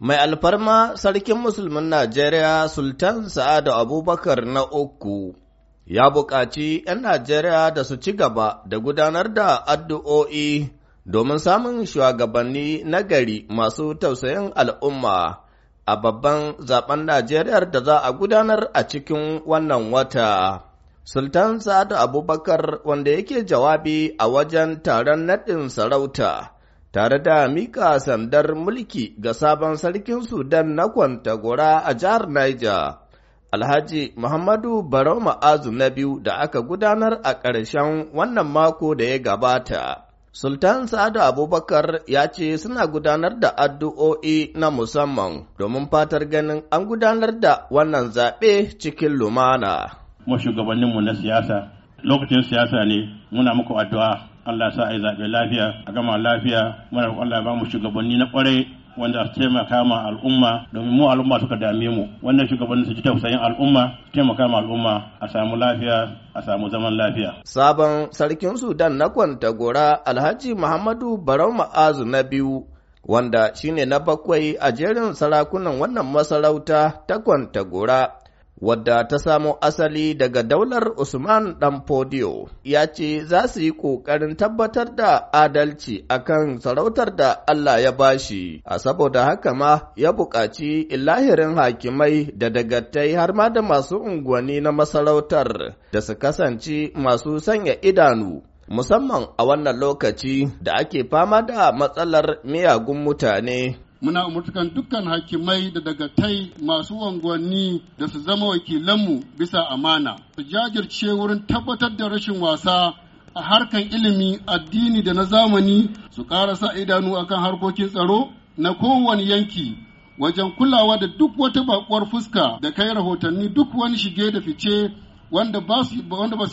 Mai alfarma sarkin musulmin Najeriya Sultan Sa'adu Abubakar na uku ya buƙaci ‘yan Najeriya da su ci gaba da gudanar da addu'o'i domin samun shugabanni nagari masu tausayin al'umma a babban zaben Najeriya da za a gudanar a cikin wannan wata. Sultan Sa'adu Abubakar wanda yake jawabi a wajen taron naɗin sarauta. tare da mika sandar mulki ga sabon sarkin Sudan na Kwantagora a jihar Niger. Alhaji Muhammadu Baroma Ma'azu na biyu da aka gudanar a ƙarshen wannan mako da ya gabata. Sultan Sa'adu Abubakar ya ce suna gudanar da addu'o'i na musamman domin fatar ganin an gudanar da wannan zaɓe cikin lumana. Mu shugabanninmu na siyasa, lokacin siyasa ne muna muku addu'a Allah sa a yi zaɓe lafiya a gama lafiya muna Allah ba mu shugabanni na ƙwarai wanda su taimaka ma al'umma domin mu al'umma suka dame mu wannan shugabannin su ji tausayin al'umma su taimaka ma al'umma a samu lafiya a samu zaman lafiya. Sabon sarkin Sudan na kwanta gora Alhaji Muhammadu Barau Ma'azu na biyu wanda shine na bakwai a jerin sarakunan wannan masarauta ta kwanta gora wadda ta samo asali daga daular Usman ɗan fodio ya ce za su yi ƙoƙarin tabbatar da adalci akan sarautar da Allah ya bashi, a saboda haka ma ya buƙaci ilahirin hakimai da dagatai har ma da masu unguwanni na masarautar da su kasance masu sanya idanu. Musamman a wannan lokaci da ake fama da matsalar miyagun mutane muna umurtukan dukkan hakimai da dagatai masu unguwanni da su zama wakilanmu bisa amana su jajirce wurin tabbatar da rashin wasa a harkan ilimi addini da na zamani su ƙara sa idanu akan harkokin tsaro na kowane yanki wajen kulawa da duk wata bakuwar fuska da kai rahotanni duk wani shige da fice wanda ba su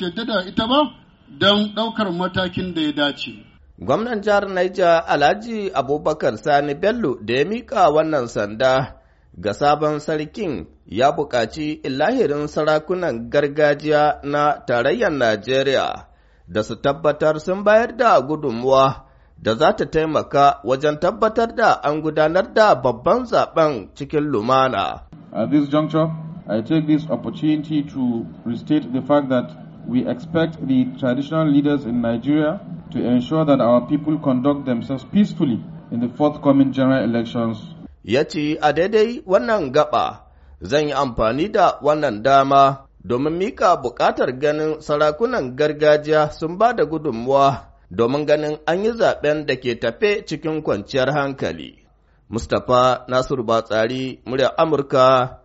yadda da ita ba don ɗaukar matakin da ya dace. Gwamnan jihar Niger Alhaji Abubakar Sani Bello da ya miƙa wannan sanda ga sabon sarkin ya buƙaci ilahirin sarakunan gargajiya na tarayyar Najeriya da su tabbatar sun bayar da gudunmuwa da za ta taimaka wajen tabbatar da an gudanar da babban zaben cikin lumana. At this juncture, I take this opportunity to restate the fact that we expect the traditional leaders in Nigeria to ensure that our people conduct themselves peacefully in the forthcoming general elections. Ya ce a daidai wannan gaba zan yi amfani da wannan dama domin mika buƙatar ganin sarakunan gargajiya sun ba da gudunmuwa domin ganin an yi zaben da ke tafe cikin kwanciyar hankali. Mustapha Nasiru Batsari, murya Amurka,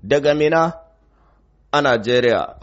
daga Mina a Najeriya.